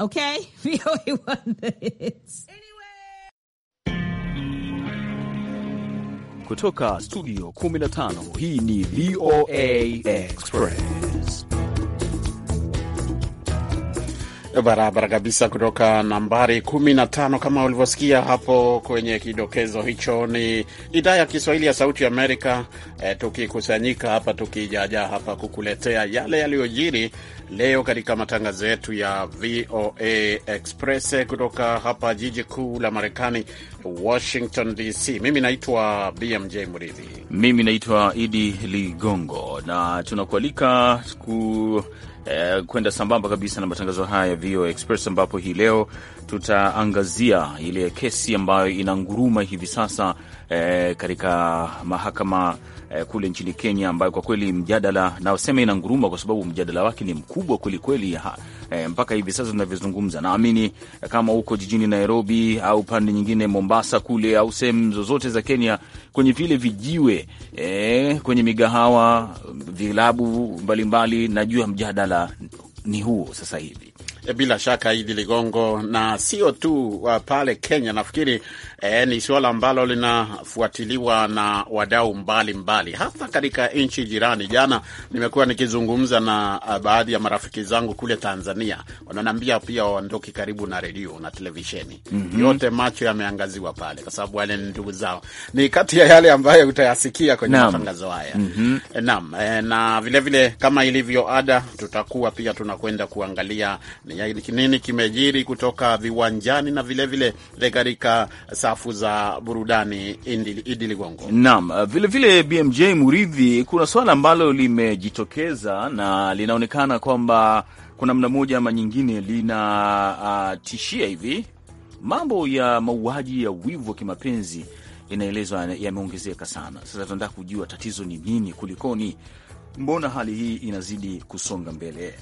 okay? VOA one hits. Anyway. Kutoka studio 15 hii ni VOA Express. barabara kabisa kutoka nambari 15 kama ulivyosikia hapo kwenye kidokezo hicho. Ni idhaa ya Kiswahili ya Sauti Amerika, e, tukikusanyika hapa tukijaja hapa kukuletea yale yaliyojiri leo katika matangazo yetu ya VOA Express kutoka hapa jiji kuu la Marekani, Washington DC. Mimi naitwa BMJ Mridhi, mimi naitwa Idi Ligongo na tunakualika ku eh, kwenda sambamba kabisa na matangazo haya ya VOA Express, ambapo hii leo tutaangazia ile kesi ambayo inanguruma hivi sasa eh, katika mahakama eh, kule nchini Kenya, ambayo kwa kweli mjadala nasema ina nguruma, kwa sababu mjadala wake ni mkubwa kwelikweli eh, mpaka hivi sasa tunavyozungumza. Naamini kama huko jijini Nairobi au pande nyingine Mombasa kule au sehemu zozote za Kenya, kwenye vile vijiwe eh, kwenye migahawa, vilabu mbalimbali, najua mjadala ni huo sasa hivi. Eh, bila shaka Idi Ligongo, na sio tu pale Kenya. Nafikiri eh, ni suala ambalo linafuatiliwa na wadau mbalimbali, hasa katika nchi jirani. Jana nimekuwa nikizungumza na eh, baadhi ya marafiki zangu kule Tanzania, wananiambia pia waondoki karibu na redio na televisheni mm -hmm. Yote macho yameangaziwa pale, kwa sababu wale ni ndugu zao. Ni kati ya yale ambayo utayasikia kwenye matangazo haya mm -hmm. Naam, na vilevile vile, kama ilivyo ada, tutakuwa pia tunakwenda kuangalia nini kimejiri kutoka viwanjani na vilevile katika safu za burudani. Idi Ligongo nam uh, vilevile BMJ Muridhi, kuna suala ambalo limejitokeza na linaonekana kwamba kwa namna moja ama nyingine linatishia uh, hivi mambo ya mauaji ya wivu wa kimapenzi inaelezwa yameongezeka sana. Sasa tunataka kujua tatizo ni nini, kulikoni, mbona hali hii inazidi kusonga mbele?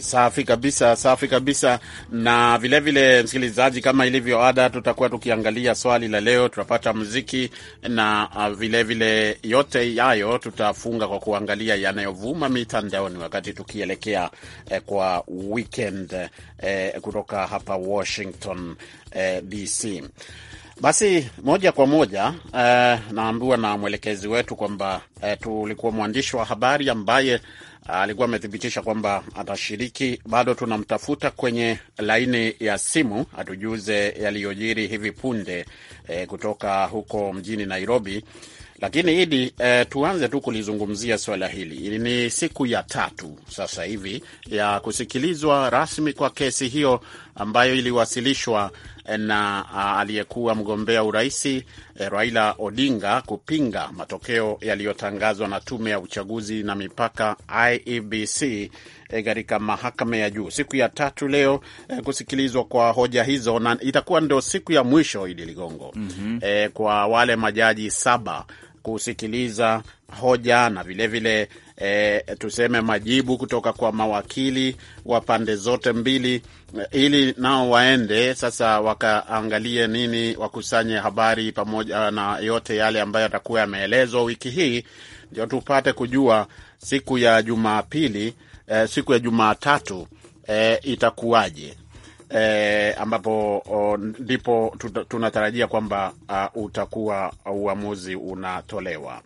Safi kabisa, safi kabisa. Na vilevile vile, msikilizaji, kama ilivyo ada, tutakuwa tukiangalia swali la leo, tutapata muziki na vilevile ah, vile, yote yayo tutafunga kwa kuangalia yanayovuma mitandaoni wakati tukielekea eh, kwa weekend eh, kutoka hapa Washington eh, DC. Basi moja kwa moja eh, naambiwa na mwelekezi wetu kwamba eh, tulikuwa mwandishi wa habari ambaye Ah, alikuwa amethibitisha kwamba atashiriki. Bado tunamtafuta kwenye laini ya simu atujuze yaliyojiri hivi punde e, kutoka huko mjini Nairobi. Lakini Idi, e, tuanze tu kulizungumzia swala hili. Ni siku ya tatu sasa hivi ya kusikilizwa rasmi kwa kesi hiyo ambayo iliwasilishwa na aliyekuwa mgombea uraisi e, Raila Odinga kupinga matokeo yaliyotangazwa na tume ya uchaguzi na mipaka IEBC e, katika mahakama ya juu siku ya tatu leo e, kusikilizwa kwa hoja hizo, na itakuwa ndio siku ya mwisho Idi Ligongo, mm -hmm. E, kwa wale majaji saba kusikiliza hoja na vilevile vile, e, tuseme majibu kutoka kwa mawakili wa pande zote mbili, eh, ili nao waende sasa wakaangalie nini, wakusanye habari pamoja na yote yale ambayo yatakuwa yameelezwa wiki hii, ndio tupate kujua siku ya Jumapili, e, siku ya Jumatatu e, itakuwaje eh, ambapo ndipo tunatarajia kwamba uh, utakuwa uamuzi unatolewa.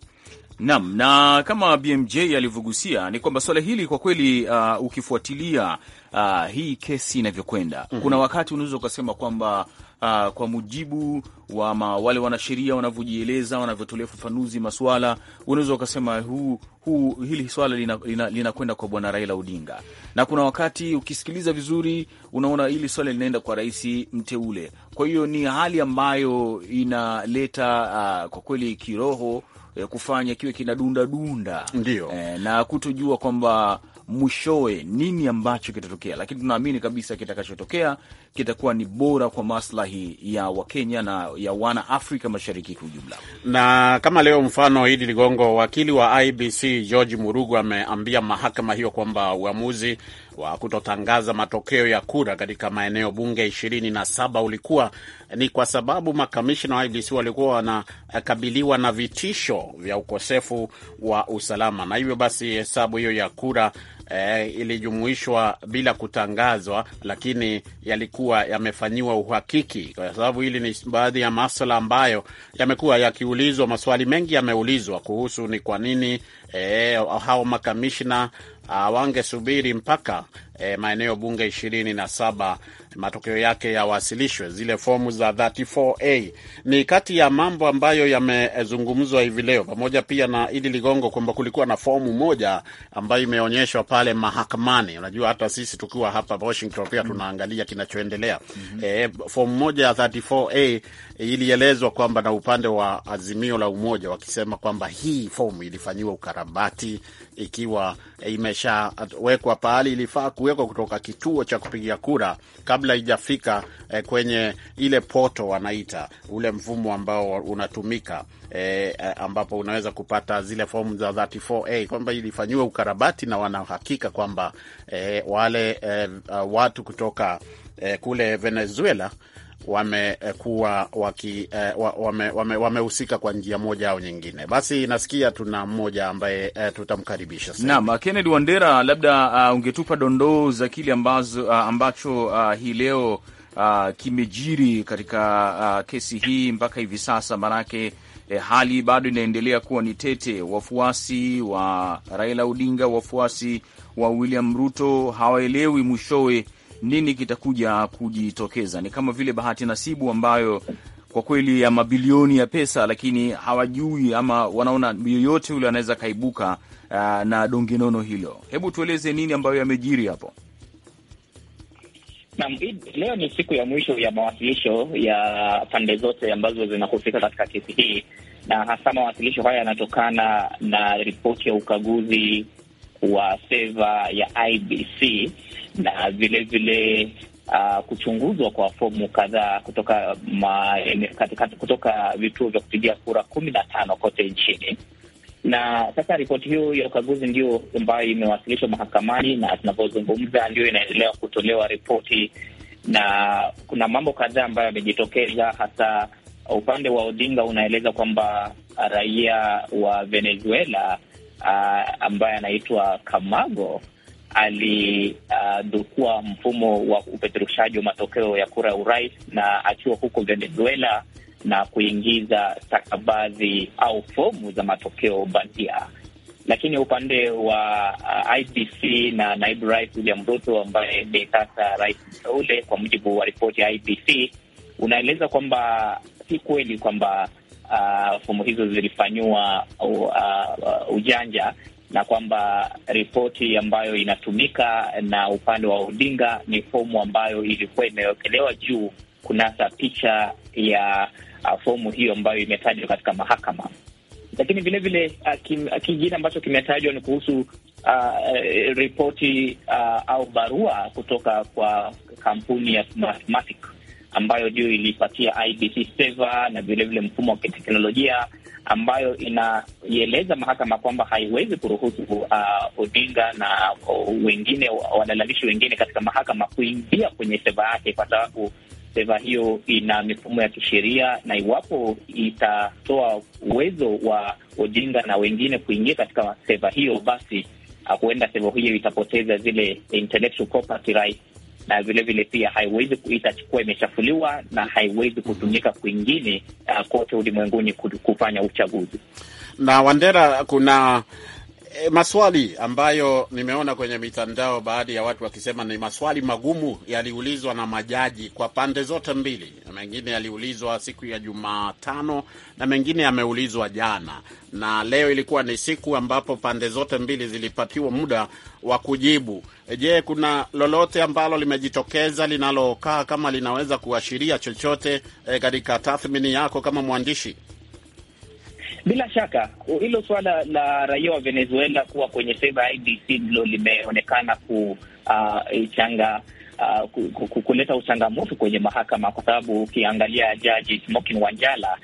Naam, na kama BMJ alivyogusia ni kwamba swala hili kwa kweli, uh, ukifuatilia uh, hii kesi inavyokwenda mm -hmm. kuna wakati unaweza ukasema kwamba uh, kwa mujibu wa ma, wale wanasheria wanavyojieleza, wanavyotolea ufafanuzi maswala unaweza ukasema huu, huu, hili swala linakwenda lina, lina kwa bwana Raila Odinga, na kuna wakati ukisikiliza vizuri unaona hili swala linaenda kwa rais mteule. Kwa hiyo ni hali ambayo inaleta uh, kwa kweli kiroho Eh, kufanya kiwe kinadundadunda, ndio e, na kutojua kwamba mwishowe nini ambacho kitatokea, lakini tunaamini kabisa kitakachotokea kitakuwa ni bora kwa maslahi ya Wakenya na ya wana Afrika Mashariki kwa ujumla. Na kama leo mfano, Idi Ligongo, wakili wa IBC George Murugu ameambia mahakama hiyo kwamba uamuzi wa kutotangaza matokeo ya kura katika maeneo bunge ishirini na saba ulikuwa ni kwa sababu makamishna wa IBC walikuwa wanakabiliwa na vitisho vya ukosefu wa usalama, na hivyo basi hesabu hiyo ya kura eh, ilijumuishwa bila kutangazwa, lakini yalikuwa yamefanyiwa uhakiki, kwa sababu hili ni baadhi ya maswala ambayo yamekuwa yakiulizwa. Maswali mengi yameulizwa kuhusu ni kwa nini e, hao makamishna ah, wangesubiri mpaka e, maeneo bunge ishirini na saba matokeo yake yawasilishwe, zile fomu za 34A. Ni kati ya mambo ambayo yamezungumzwa hivi leo, pamoja pia na Idi Ligongo, kwamba kulikuwa na fomu moja ambayo imeonyeshwa pale mahakamani. Unajua hata sisi tukiwa hapa Washington pia tunaangalia kinachoendelea. mm -hmm. E, fomu moja ya 34A ilielezwa kwamba na upande wa Azimio la Umoja wakisema kwamba hii fomu ilifanyiwa ukara ukarabati, ikiwa imeshawekwa pahali ilifaa kuwekwa kutoka kituo cha kupigia kura kabla ijafika eh, kwenye ile poto wanaita ule mfumo ambao unatumika eh, eh ambapo unaweza kupata zile fomu za 34A kwamba ilifanyiwa ukarabati na wanahakika kwamba eh, wale eh, watu kutoka eh, kule Venezuela wamekuwa eh, waki eh, wamehusika wame, wame kwa njia moja au nyingine. Basi nasikia tuna mmoja ambaye e, tutamkaribisha sasa. Naam, Kennedy Wandera, labda uh, ungetupa dondoo za kile ambazo uh, ambacho uh, hii leo uh, kimejiri katika uh, kesi hii mpaka hivi sasa, maanake eh, hali bado inaendelea kuwa ni tete. Wafuasi wa Raila Odinga, wafuasi wa William Ruto hawaelewi mwishowe nini kitakuja kujitokeza. Ni kama vile bahati nasibu ambayo kwa kweli ya mabilioni ya pesa, lakini hawajui ama wanaona yoyote yule anaweza kaibuka uh, na dongenono hilo. Hebu tueleze nini ambayo yamejiri hapo. Na leo ni siku ya mwisho ya mawasilisho ya pande zote ambazo zinahusika katika kesi hii, na hasa mawasilisho haya yanatokana na ripoti ya ukaguzi wa seva ya IBC na vile vile uh, kuchunguzwa kwa fomu kadhaa kutoka ma, kutoka vituo vya kupigia kura kumi na tano kote nchini. Na sasa ripoti hiyo ya ukaguzi ndio ambayo imewasilishwa mahakamani, na tunavyozungumza ndio inaendelea kutolewa ripoti, na kuna mambo kadhaa ambayo yamejitokeza, hasa upande wa Odinga unaeleza kwamba raia wa Venezuela uh, ambaye anaitwa Kamago alidukua uh, mfumo wa upeperushaji wa matokeo ya kura ya urais na akiwa huko Venezuela na kuingiza stakabadhi au fomu za matokeo bandia. Lakini upande wa uh, IBC na naibu rais William Ruto ambaye ni sasa rais mteule, kwa mujibu wa ripoti ya IBC unaeleza kwamba si kweli kwamba uh, fomu hizo zilifanyiwa uh, uh, ujanja na kwamba ripoti ambayo inatumika na upande wa Odinga ni fomu ambayo ilikuwa imewekelewa juu kunasa picha ya uh, fomu hiyo ambayo imetajwa katika mahakama. Lakini vilevile uh, uh, kingine ambacho kimetajwa ni kuhusu uh, eh, ripoti uh, au barua kutoka kwa kampuni ya Smartmatic ambayo ndio ilipatia IBC seva na vilevile mfumo wa kiteknolojia ambayo inaieleza mahakama kwamba haiwezi kuruhusu uh, Odinga na uh, wengine walalamishi wengine katika mahakama kuingia kwenye seva yake, kwa sababu seva hiyo ina mifumo ya kisheria, na iwapo itatoa uwezo wa Odinga na wengine kuingia katika seva hiyo, basi uh, huenda seva hiyo itapoteza zile intellectual property rights na ah, vilevile pia haiwezi itakuwa imechafuliwa na haiwezi kutumika kwingine uh, kote ulimwenguni kufanya uchaguzi. Na Wandera, kuna e, maswali ambayo nimeona kwenye mitandao, baadhi ya watu wakisema ni maswali magumu yaliulizwa na majaji kwa pande zote mbili. Mengine yaliulizwa siku ya Jumatano na mengine yameulizwa jana, na leo ilikuwa ni siku ambapo pande zote mbili zilipatiwa muda wa kujibu. Eh, je, kuna lolote ambalo limejitokeza linalokaa kama linaweza kuashiria chochote eh, katika e, tathmini yako kama mwandishi? Bila shaka hilo suala la raia wa Venezuela kuwa kwenye seva ya IDC ndilo limeonekana kuchanga uh, uh, kuleta uchangamoto kwenye mahakama, kwa sababu ukiangalia jaji Smokin Wanjala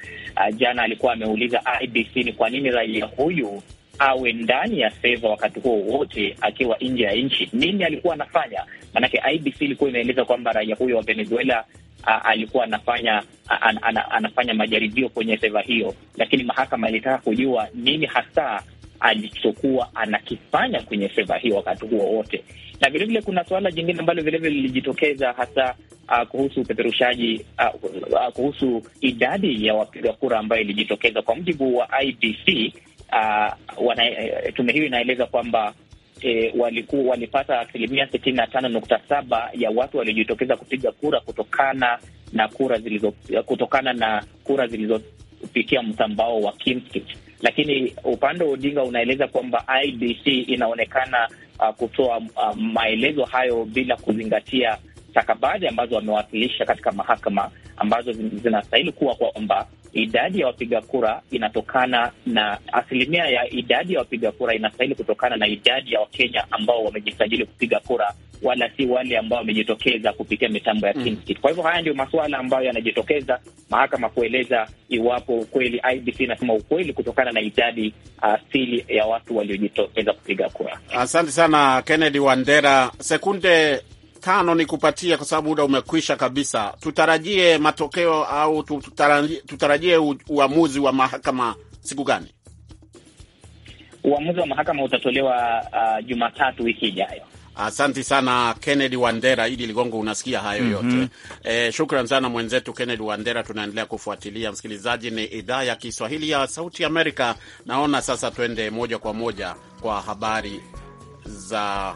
uh, jana alikuwa ameuliza ibc ni kwa nini raia huyu awe ndani ya seva wakati huo wote akiwa nje ya nchi. Nini alikuwa anafanya? Maanake IBC ilikuwa imeeleza kwamba raia huyo wa Venezuela alikuwa anafanya an, an, anafanya majaribio kwenye seva hiyo, lakini mahakama ilitaka kujua nini hasa alichokuwa anakifanya kwenye seva hiyo wakati huo wote. Na vilevile kuna suala jingine ambalo vilevile lilijitokeza hasa uh, kuhusu upeperushaji uh, uh, kuhusu idadi ya wapiga kura ambayo ilijitokeza kwa mujibu wa IBC. Uh, wana, e, tume hiyo inaeleza kwamba e, eh, walikuwa walipata asilimia sitini na tano nukta saba ya watu waliojitokeza kupiga kura kutokana na kura zilizo kutokana na kura zilizopitia mtambao wa Kimskit, lakini upande wa Odinga unaeleza kwamba IBC inaonekana uh, kutoa uh, maelezo hayo bila kuzingatia stakabadhi ambazo wamewasilisha katika mahakama ambazo zinastahili kuwa kwamba idadi ya wapiga kura inatokana na asilimia ya idadi ya wapiga kura inastahili kutokana na idadi ya Wakenya ambao wamejisajili kupiga kura, wala si wale ambao wamejitokeza kupitia mitambo ya mm. Kwa hivyo haya ndio masuala ambayo yanajitokeza mahakama kueleza iwapo ukweli, IBC inasema ukweli kutokana na idadi asili uh, ya watu waliojitokeza kupiga kura. Asante sana Kennedy Wandera. Sekunde tano ni kupatia kwa sababu muda umekwisha kabisa. Tutarajie matokeo au tutarajie, tutarajie uamuzi wa mahakama siku gani? Uamuzi wa mahakama utatolewa uh, Jumatatu wiki ijayo. Asanti sana Kennedy Wandera. Idi Ligongo, unasikia hayo mm -hmm. yote e, shukran sana mwenzetu Kennedy Wandera. Tunaendelea kufuatilia. Msikilizaji, ni idhaa ya Kiswahili ya Sauti Amerika. Naona sasa tuende moja kwa moja kwa habari za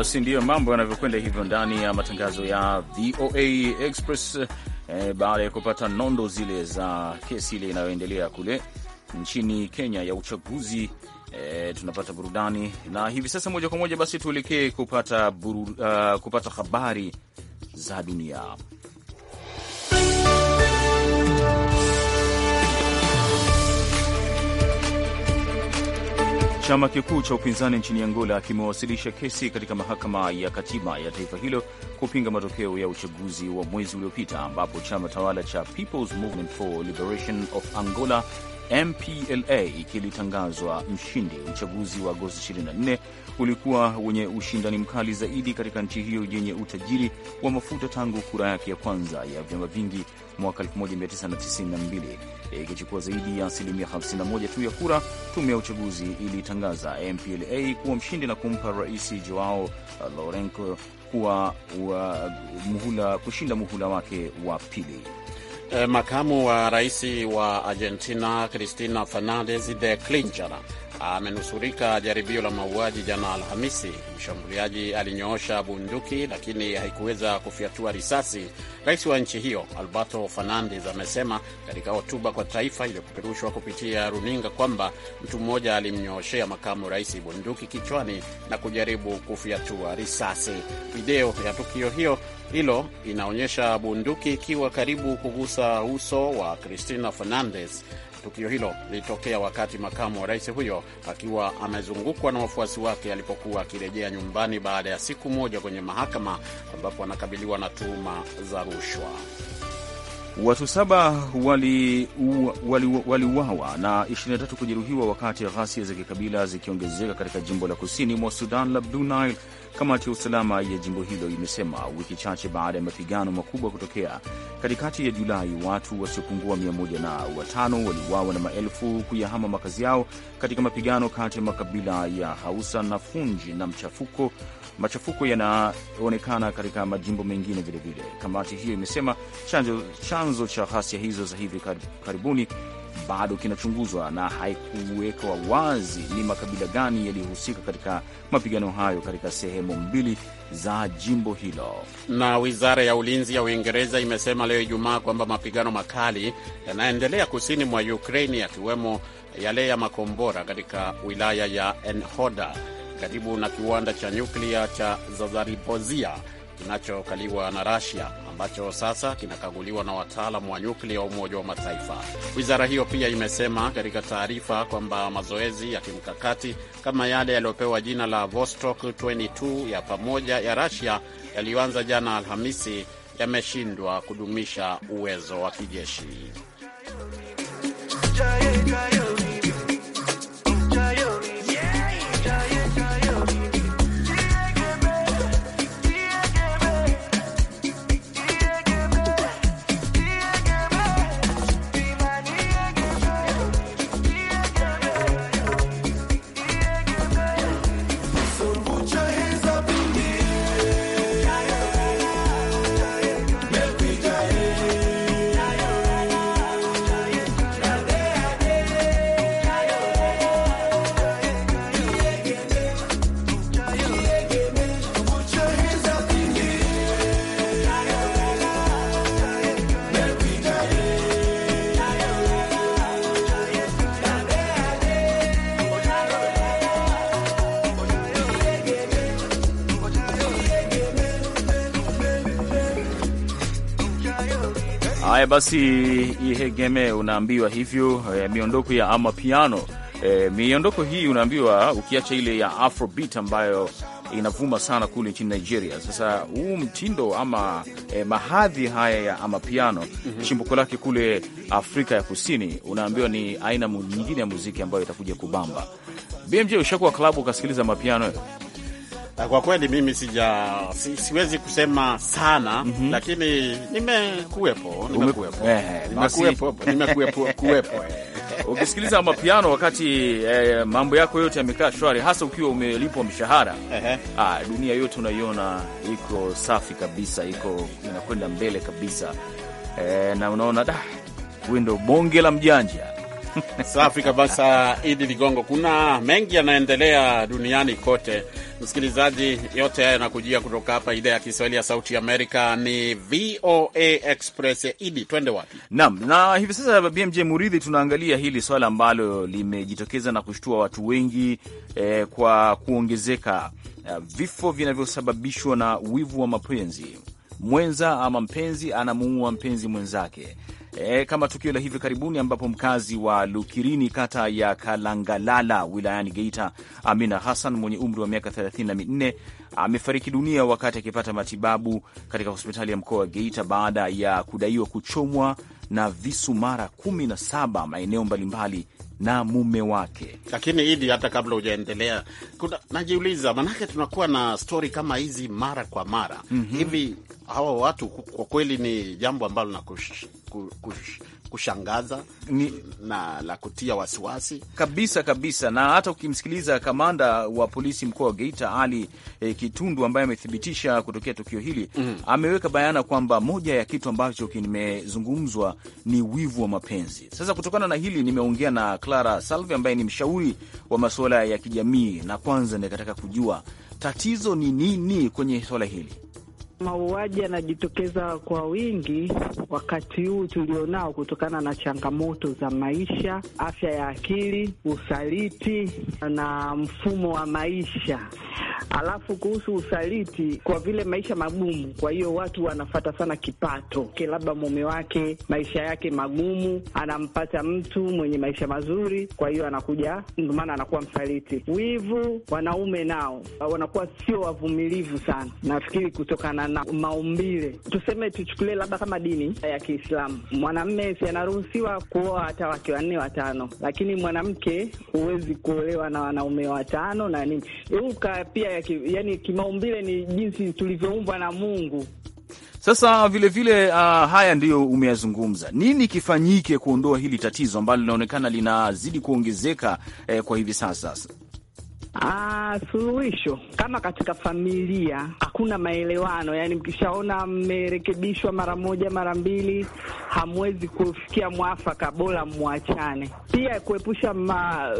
Basi ndiyo mambo yanavyokwenda hivyo ndani ya matangazo ya VOA Express eh, baada ya kupata nondo zile za kesi ile inayoendelea kule nchini Kenya ya uchaguzi eh, tunapata burudani na hivi sasa moja kwa moja basi tuelekee kupata, uh, kupata habari za dunia. Chama kikuu cha upinzani nchini Angola kimewasilisha kesi katika mahakama ya katiba ya taifa hilo kupinga matokeo ya uchaguzi wa mwezi uliopita ambapo chama tawala cha People's Movement for Liberation of Angola MPLA kilitangazwa mshindi. Uchaguzi wa Agosti 24 ulikuwa wenye ushindani mkali zaidi katika nchi hiyo yenye utajiri wa mafuta tangu kura yake ya kwanza ya vyama vingi mwaka 1992 ikichukua zaidi ya asilimia 51 tu ya kura. Tume ya uchaguzi ilitangaza MPLA kuwa mshindi na kumpa Rais Joao Lourenco kuwa muhula, kushinda muhula wake wa pili. Eh, makamu wa rais wa Argentina Cristina Fernandez de Kirchner amenusurika jaribio la mauaji jana Alhamisi. Mshambuliaji alinyoosha bunduki lakini haikuweza kufyatua risasi. Rais wa nchi hiyo Alberto Fernandez amesema katika hotuba kwa taifa iliyopeperushwa kupitia runinga kwamba mtu mmoja alimnyooshea makamu rais bunduki kichwani na kujaribu kufyatua risasi. Video ya tukio hiyo hilo inaonyesha bunduki ikiwa karibu kugusa uso wa Cristina Fernandez Tukio hilo lilitokea wakati makamu wa rais huyo akiwa amezungukwa na wafuasi wake alipokuwa akirejea nyumbani baada ya siku moja kwenye mahakama ambapo anakabiliwa na tuhuma za rushwa. Watu saba waliuawa wali, wali na 23 kujeruhiwa wakati ghasia za kikabila zikiongezeka katika jimbo la kusini mwa Sudan la Blue Nile, kamati ya usalama ya jimbo hilo imesema wiki chache baada ya mapigano makubwa kutokea katikati ya Julai. Watu wasiopungua mia moja na watano waliuawa na maelfu kuyahama makazi yao katika mapigano kati ya makabila ya Hausa na Funji na mchafuko machafuko yanaonekana katika majimbo mengine vilevile. Kamati hiyo imesema chanzo, chanzo cha ghasia hizo za hivi karibuni bado kinachunguzwa na haikuwekwa wazi ni makabila gani yaliyohusika katika mapigano hayo katika sehemu mbili za jimbo hilo. Na wizara ya ulinzi ya Uingereza imesema leo Ijumaa kwamba mapigano makali yanaendelea kusini mwa Ukraini, yakiwemo yale ya makombora katika wilaya ya Enhoda karibu na kiwanda cha nyuklia cha Zazarizhzhia kinachokaliwa na Rasia ambacho sasa kinakaguliwa na wataalamu wa nyuklia wa Umoja wa Mataifa. Wizara hiyo pia imesema katika taarifa kwamba mazoezi ya kimkakati kama yale yaliyopewa jina la Vostok 22 ya pamoja ya Rasia yaliyoanza jana Alhamisi yameshindwa kudumisha uwezo wa kijeshi. basi ihegeme, unaambiwa hivyo e, miondoko ya amapiano e, eh, miondoko hii unaambiwa, ukiacha ile ya afrobeat ambayo inavuma sana kule nchini Nigeria. Sasa huu mtindo ama eh, mahadhi haya ya amapiano mm -hmm. chimbuko lake kule Afrika ya Kusini, unaambiwa ni aina nyingine ya muziki ambayo itakuja kubamba. BMJ, ushakuwa klabu ukasikiliza mapiano? Kwa kweli mimi sija si, siwezi kusema sana mm -hmm. Lakini nimekuwepo nimekuwepo nimekuwepo nimekuwepo kuwepo eh. ukisikiliza mapiano wakati eh, mambo yako yote yamekaa shwari, hasa ukiwa umelipwa mshahara ah, dunia yote unaiona iko safi kabisa, iko inakwenda mbele kabisa eh, na unaona da huyu ndo bonge la mjanja. Safi kabisa, Idi Ligongo. Kuna mengi yanaendelea duniani kote Msikilizaji, yote haya yanakujia kutoka hapa idhaa ya Kiswahili ya Sauti Amerika. Ni VOA Express. Idi, twende wapi? Naam, na hivi sasa BMJ Muridhi, tunaangalia hili swala ambalo limejitokeza na kushtua watu wengi eh, kwa kuongezeka eh, vifo vinavyosababishwa na wivu wa mapenzi. Mwenza ama mpenzi anamuua mpenzi mwenzake, E, kama tukio la hivi karibuni ambapo mkazi wa Lukirini kata ya Kalangalala wilayani Geita, Amina Hassan mwenye umri wa miaka 34 amefariki dunia wakati akipata matibabu katika hospitali ya mkoa wa Geita baada ya kudaiwa kuchomwa na visu mara 17 maeneo mbalimbali na mume wake. Lakini Idi, hata kabla hujaendelea, najiuliza maanake tunakuwa na stori kama hizi mara kwa mara mm -hmm. hivi hawa watu kwa kweli ni jambo ambalo na kush, kush, kushangaza ni... na la kutia wasiwasi kabisa kabisa. Na hata ukimsikiliza kamanda wa polisi mkoa wa Geita Ali e, Kitundu ambaye amethibitisha kutokea tukio hili mm, ameweka bayana kwamba moja ya kitu ambacho kimezungumzwa ni wivu wa mapenzi. Sasa kutokana na hili, nimeongea na Clara Salve ambaye ni mshauri wa masuala ya kijamii, na kwanza nikataka kujua tatizo ni nini kwenye swala hili. Mauaji yanajitokeza kwa wingi wakati huu tulionao, kutokana na changamoto za maisha, afya ya akili, usaliti na mfumo wa maisha. Alafu kuhusu usaliti, kwa vile maisha magumu, kwa hiyo watu wanafata sana kipato. Labda mume wake maisha yake magumu, anampata mtu mwenye maisha mazuri, kwa hiyo anakuja, ndio maana anakuwa msaliti. Wivu, wanaume nao wanakuwa sio wavumilivu sana, nafikiri kutokana na maumbile, tuseme tuchukulie labda kama dini ya Kiislamu, mwanamme si anaruhusiwa kuoa hata wake wanne watano, lakini mwanamke huwezi kuolewa na wanaume watano na nini. Uka pia ya ki, yani kimaumbile ni jinsi tulivyoumbwa na Mungu. Sasa vilevile vile, uh, haya ndiyo umeyazungumza. Nini kifanyike kuondoa hili tatizo ambalo linaonekana linazidi kuongezeka eh, kwa hivi sasa? Ah, suluhisho kama katika familia hakuna maelewano, yani mkishaona mmerekebishwa mara moja mara mbili, hamwezi kufikia mwafaka, bora mwachane. Pia kuepusha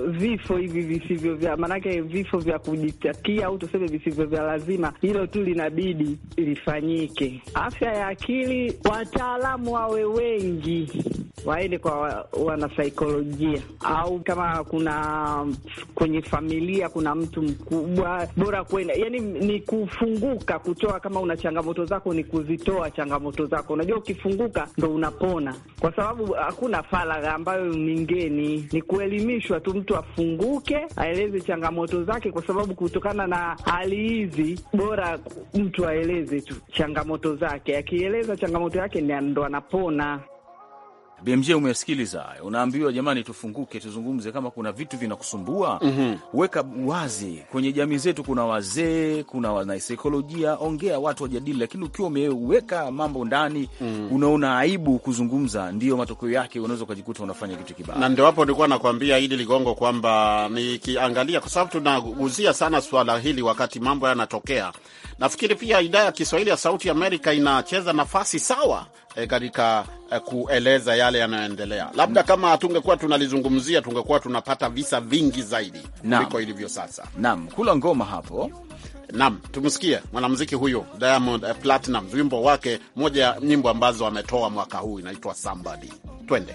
vifo hivi visivyo vya maanake, vifo vya kujitakia au tuseme visivyo vya lazima, hilo tu linabidi lifanyike. Afya ya akili wataalamu wawe wengi waende kwa wanasaikolojia, au kama kuna kwenye familia kuna mtu mkubwa, bora kwenda. Yani ni kufunguka, kutoa. Kama una changamoto zako, ni kuzitoa changamoto zako. Unajua, ukifunguka ndo unapona, kwa sababu hakuna faragha ambayo ningeni, ni kuelimishwa tu, mtu afunguke, aeleze changamoto zake, kwa sababu kutokana na hali hizi, bora mtu aeleze tu changamoto zake. Akieleza changamoto yake ndo anapona. BMJ umesikiliza, unaambiwa jamani, tufunguke tuzungumze, kama kuna vitu vinakusumbua mm -hmm. weka wazi. Kwenye jamii zetu kuna wazee, kuna wanasaikolojia, ongea, watu wajadili, lakini ukiwa umeweka mambo ndani mm -hmm. unaona aibu kuzungumza, ndiyo matokeo yake unaweza ukajikuta unafanya kitu kibaya. Na ndio hapo nilikuwa nakwambia Idi Ligongo kwamba nikiangalia, kwa sababu tunaguzia sana swala hili wakati mambo yanatokea, nafikiri pia idhaa ya Kiswahili ya Sauti Amerika inacheza nafasi sawa eh, katika e, Eh, kueleza yale yanayoendelea. Labda kama tungekuwa tunalizungumzia, tungekuwa tunapata visa vingi zaidi kuliko ilivyo sasa. Naam, kula ngoma hapo. Naam, tumsikie mwanamuziki huyo Diamond eh, Platnumz, wimbo wake, moja ya nyimbo ambazo ametoa mwaka huu inaitwa Somebody. Twende.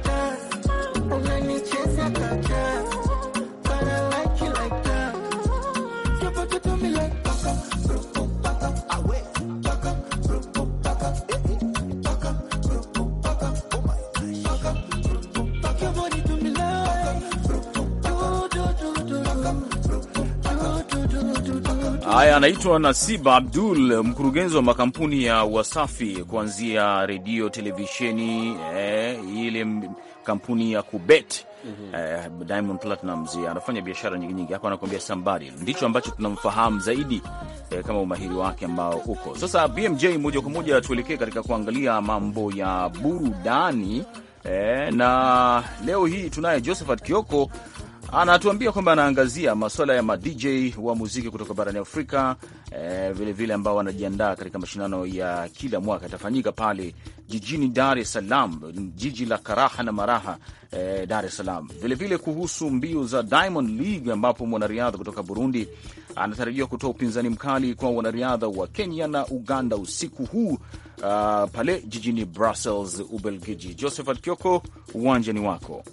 Haya, anaitwa nasib Abdul, mkurugenzi wa makampuni ya Wasafi, kuanzia redio, televisheni, eh, ile kampuni ya kubet mm -hmm. eh, Diamond Platnumz anafanya biashara nyingi nyingi. Hapa anakuambia sambari, ndicho ambacho tunamfahamu zaidi eh, kama umahiri wake ambao uko sasa. BMJ, moja kwa moja tuelekee katika kuangalia mambo ya burudani. eh, na leo hii tunaye Josephat Kioko anatuambia kwamba anaangazia masuala ya madj wa muziki kutoka barani Afrika vilevile, eh, vile ambao wanajiandaa katika mashindano ya kila mwaka yatafanyika pale jijini Dar es Salaam, jiji la karaha na maraha e, Dar es Salaam. Vilevile kuhusu mbio za Diamond League ambapo mwanariadha kutoka Burundi anatarajiwa kutoa upinzani mkali kwa wanariadha wa Kenya na Uganda usiku huu uh, pale jijini Brussels, Ubelgiji. Josephat Kioko, uwanja ni wako.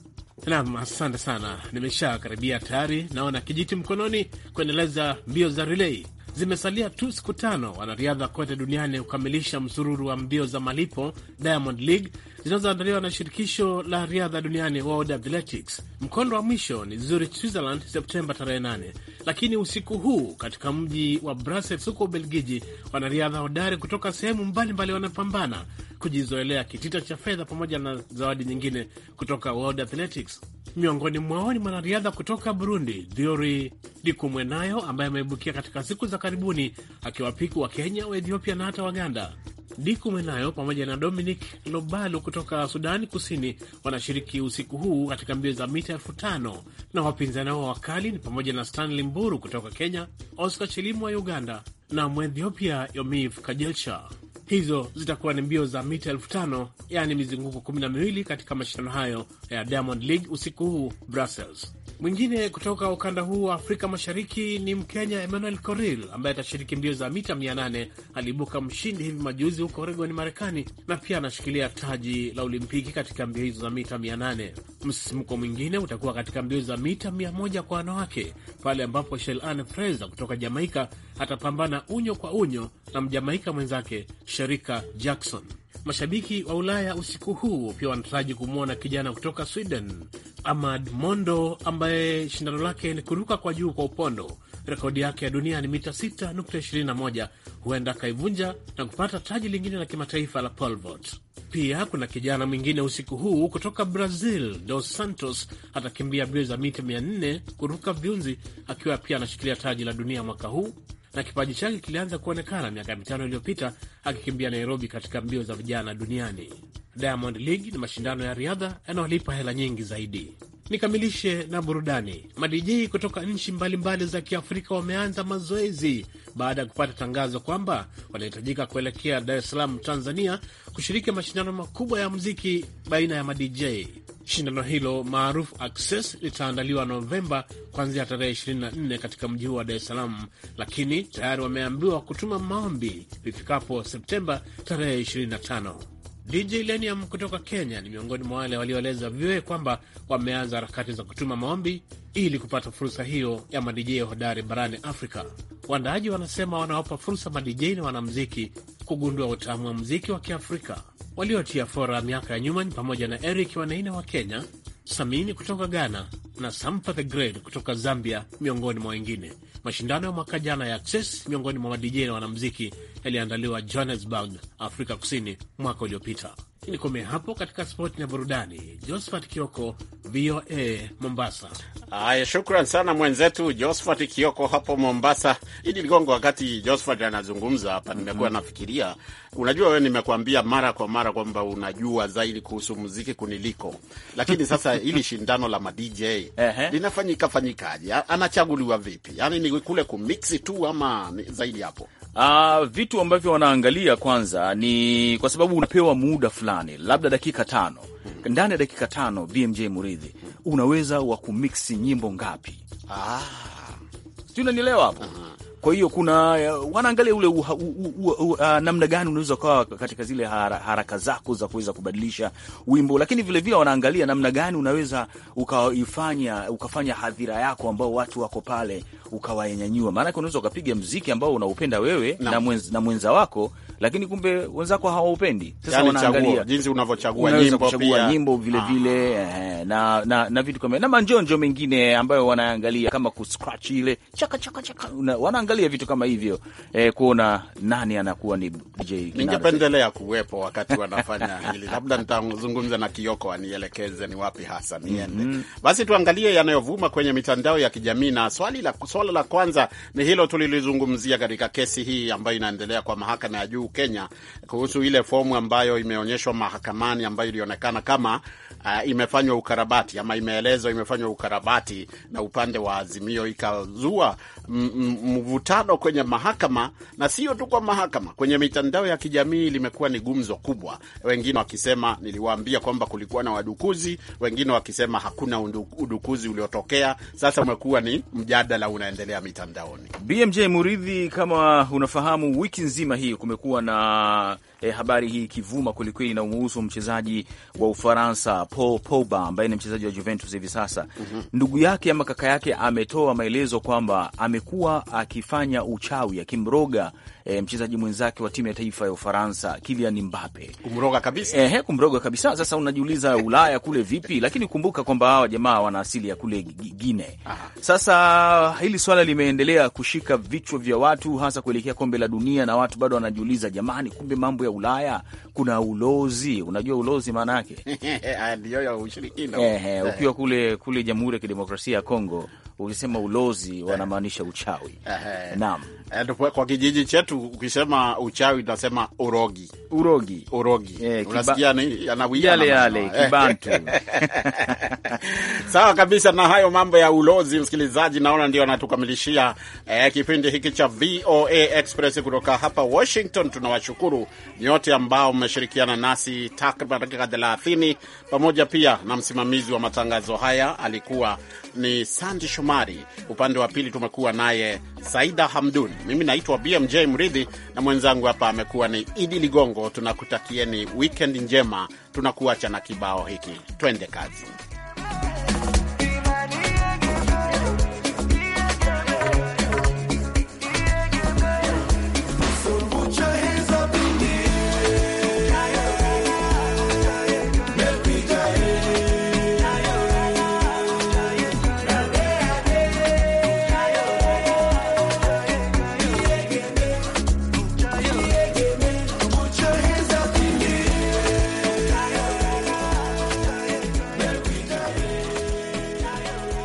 Nam, asante sana. Nimesha karibia tayari, naona kijiti mkononi kuendeleza mbio za relei. Zimesalia tu siku tano wanariadha kote duniani kukamilisha msururu wa mbio za malipo Diamond League zinazoandaliwa na shirikisho la riadha duniani World Athletics. Mkondo wa mwisho ni Zurich, Switzerland, Septemba tarehe 8. Lakini usiku huu katika mji wa Brussels huko Ubelgiji, wanariadha hodari kutoka sehemu mbalimbali wanapambana kujizoelea kitita cha fedha pamoja na zawadi nyingine kutoka World Athletics. Miongoni mwao ni mwanariadha kutoka Burundi, Thiori Dikumwenayo, ambaye ameibukia katika siku za karibuni akiwapiku wa Kenya, wa Ethiopia na hata Waganda. Diku Menayo pamoja na Dominic Lobalu kutoka Sudani Kusini wanashiriki usiku huu katika mbio za mita elfu tano na wapinzani wao wakali ni pamoja na Stanley Mburu kutoka Kenya, Oscar Chilimo wa Uganda na Mwethiopia Yomiv Kajelcha. Hizo zitakuwa ni mbio za mita elfu tano yaani mizunguko kumi na miwili katika mashindano hayo ya Diamond League usiku huu Brussels. Mwingine kutoka ukanda huu wa Afrika Mashariki ni Mkenya Emmanuel Coril ambaye atashiriki mbio za mita 800. Aliibuka mshindi hivi majuzi huko Oregon, Marekani, na pia anashikilia taji la Olimpiki katika mbio hizo za mita 800. Msisimko mwingine utakuwa katika mbio za mita 100 kwa wanawake pale ambapo shelan Fraser kutoka Jamaika atapambana unyo kwa unyo na Mjamaika mwenzake Sherika Jackson. Mashabiki wa Ulaya usiku huu pia wanataraji kumwona kijana kutoka Sweden Amad Mondo ambaye shindano lake ni kuruka kwa juu kwa upondo. Rekodi yake ya dunia ni mita 6.21 huenda akaivunja na kupata taji lingine la kimataifa la pole vault. Pia kuna kijana mwingine usiku huu kutoka Brazil, Dos Santos atakimbia mbio za mita 400 kuruka viunzi, akiwa pia anashikilia taji la dunia mwaka huu, na kipaji chake kilianza kuonekana miaka mitano iliyopita akikimbia Nairobi katika mbio za vijana duniani. Diamond League ni mashindano ya riadha yanayolipa hela nyingi zaidi. Nikamilishe na burudani. Madijei kutoka nchi mbalimbali za Kiafrika wameanza mazoezi baada ya kupata tangazo kwamba wanahitajika kuelekea Dar es Salaam, Tanzania, kushiriki mashindano makubwa ya muziki baina ya madijei. Shindano hilo maarufu Access litaandaliwa Novemba kuanzia tarehe 24 katika mji huu wa Dar es Salaam, lakini tayari wameambiwa kutuma maombi ifikapo Septemba tarehe 25. DJ Lenium kutoka Kenya ni miongoni mwa wale walioeleza vyoe kwamba wameanza harakati za kutuma maombi ili kupata fursa hiyo ya madijei hodari barani Afrika. Waandaaji wanasema wanawapa fursa madijei na wanamziki kugundua utamu wa mziki wa Kiafrika. Waliotia fora miaka ya nyuma ni pamoja na Eric wanaine wa Kenya, Samini kutoka Ghana na Sampa the Great kutoka Zambia, miongoni mwa wengine. Mashindano ya mwaka jana ya Access miongoni mwa madijei na wanamziki yaliandaliwa Johannesburg, Afrika Kusini, mwaka uliopita. Nikomee hapo katika spoti na burudani. Josephat Kioko, VOA Mombasa. Haya, shukran sana mwenzetu Josephat Kioko hapo Mombasa. Idi Ligongo, wakati Josephat anazungumza hapa, nimekuwa mhm. nafikiria, unajua wewe, nimekuambia mara kwa mara kwamba unajua zaidi kuhusu muziki kuniliko, lakini sasa hili shindano la ma DJ linafanyika fanyikaje? Anachaguliwa vipi? Yaani ni kule kumix tu ama zaidi hapo? Uh, vitu ambavyo wanaangalia kwanza ni kwa sababu unapewa muda fulani, labda dakika tano. Ndani ya dakika tano, BMJ Muridhi, unaweza wa kumiksi nyimbo ngapi? Ah, sijui unanielewa hapo. Uh-huh. Kwa hiyo kuna eh, wanaangalia ule uh, uh, uh, uh, uh, namna gani unaweza ukawa katika zile haraka zako za kuweza kubadilisha wimbo, lakini vilevile wanaangalia namna gani unaweza ukaifanya ukafanya hadhira yako ambao watu wako pale ukawanyanyua. Maanake unaweza ukapiga mziki ambao unaupenda wewe no. na, mwenza, na mwenza wako, lakini kumbe wenzako hawaupendi. Sasa yani wanaangalia jinsi unavyochagua nyimbo, pia nyimbo vile ah. vile ah. eh, na, na, na vitu kama na manjonjo mengine ambayo wanaangalia kama kuscratch ile chaka chaka chaka una, tunaangalia vitu kama hivyo eh, kuona nani anakuwa ni DJ. Ningependelea kuwepo wakati wanafanya hili, labda nitazungumza na Kioko anielekeze ni wapi hasa niende. mm -hmm. Basi tuangalie yanayovuma kwenye mitandao ya kijamii, na swali la, swala la kwanza ni hilo tulilizungumzia katika kesi hii ambayo inaendelea kwa mahakama ya juu Kenya kuhusu ile fomu ambayo imeonyeshwa mahakamani ambayo ilionekana kama uh, imefanywa ukarabati ama imeelezwa imefanywa ukarabati na upande wa Azimio, ikazua mvutano kwenye mahakama, na sio tu kwa mahakama, kwenye mitandao ya kijamii limekuwa ni gumzo kubwa, wengine wakisema niliwaambia kwamba kulikuwa na wadukuzi, wengine wakisema hakuna udukuzi uliotokea. Sasa umekuwa ni mjadala unaendelea mitandaoni. BMJ Muridhi, kama unafahamu, wiki nzima hii kumekuwa na eh, habari hii ikivuma kwelikweli na umuhusu mchezaji wa Ufaransa Paul Pogba ambaye ni mchezaji wa Juventus hivi sasa. mm -hmm. Ndugu yake ama kaka yake ametoa maelezo kwamba amekuwa akifanya uchawi akimroga e, mchezaji mwenzake wa timu ya taifa ya Ufaransa Kylian Mbappe, kumroga kabisa ehe, kumroga kabisa. Sasa unajiuliza Ulaya kule vipi? Lakini kumbuka kwamba hawa jamaa wana asili ya kule Gine. Sasa hili swala limeendelea kushika vichwa vya watu, hasa kuelekea kombe la dunia, na watu bado wanajiuliza jamani, kumbe mambo ya Ulaya kuna ulozi. Unajua ulozi maana yake ndio ya ushirikina. Ehe, eh. ukiwa kule kule Jamhuri ya Kidemokrasia ya Kongo ukisema ulozi wanamaanisha uchawi. Naam kwa kijiji chetu ukisema uchawi tunasema urogi, urogi, urogi. Yeah, unasikia yale yale eh. kibantu sawa kabisa. Na hayo mambo ya ulozi, msikilizaji, naona ndio anatukamilishia eh, kipindi hiki cha VOA Express kutoka hapa Washington. Tunawashukuru nyote ambao mmeshirikiana nasi takriban dakika 30 pamoja pia na msimamizi wa matangazo haya alikuwa ni Sandi Shomari, upande wa pili tumekuwa naye Saida Hamdun. Mimi naitwa BMJ Mridhi na mwenzangu hapa amekuwa ni Idi Ligongo. Tunakutakieni wikend njema, tunakuacha na kibao hiki, twende kazi.